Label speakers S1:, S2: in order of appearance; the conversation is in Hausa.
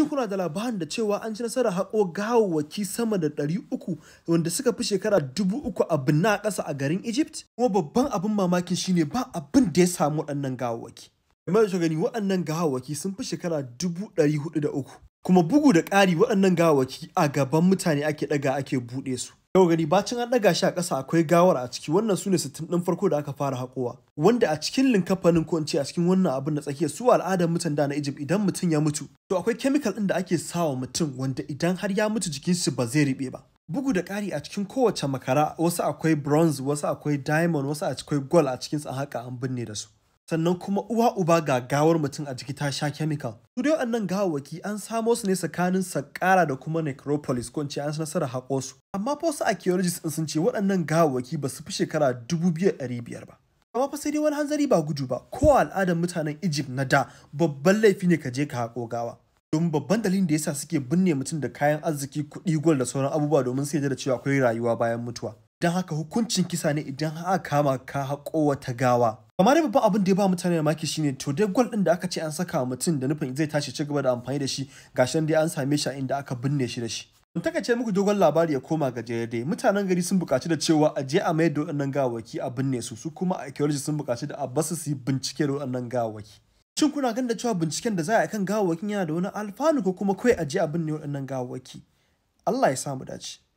S1: Shin kuna da labarin da cewa an ci nasarar haƙo gawawwaki sama da ɗari uku wanda suka fi shekara dubu uku a binna a ƙasa a garin Egypt? Kuma babban abin mamakin shine ba abin da ya samu waɗannan gawawwaki. Kamar da gani waɗannan gawawwaki sun fi shekara dubu ɗari huɗu da uku. Kuma bugu da ƙari waɗannan gawawwaki a gaban mutane ake ɗaga ake buɗe su. yau gani bacin an ɗaga shi a ƙasa akwai gawar a ciki wannan su ne sittin ɗin farko da aka fara haƙowa wanda a cikin linkafanin ko in ce a cikin wannan abin na tsakiya su al'adar mutan da na Egypt idan mutum ya mutu to akwai chemical ɗin da ake sawa mutum wanda idan har ya mutu jikin shi ba zai riɓe ba bugu da ƙari a cikin kowace makara wasu akwai bronze wasu akwai diamond wasu akwai gold a cikin sa haka an binne da su sannan kuma uwa uba ga gawar mutum a jiki ta sha chemical. Su dai nan gawawwaki an samo su ne tsakanin sakara da kuma Necropolis ko ce an nasara haƙo su. Amma fa wasu archaeologists sun ce waɗannan gawawwaki ba su fi shekara dubu ɗari biyar ba. Amma fa sai dai wani hanzari ba gudu ba ko al'adar mutanen Egypt na da babban laifi ne ka je ka haƙo gawa. Don babban dalilin da yasa suke binne mutum da kayan arziki kuɗi gwal da sauran abubuwa domin sai da cewa akwai rayuwa bayan mutuwa. don haka hukuncin kisa ne idan aka kama ka haƙo wata gawa kamar dai babban abin da ya ba mutane da maki shine to dai gol din da aka ce an saka wa mutum da nufin zai tashi ci gaba da amfani da shi gashin dai an same shi a inda aka binne shi da shi in takaice muku dogon labari ya koma ga dai mutanen gari sun buƙaci da cewa a je a mayar da waɗannan gawaki a binne su su kuma archaeologists sun buƙaci da a basu su yi bincike da waɗannan gawaki shin kuna ganin da cewa binciken da za a yi kan gawakin yana da wani alfanu ko kuma kawai a je a binne waɗannan gawaki Allah ya samu dace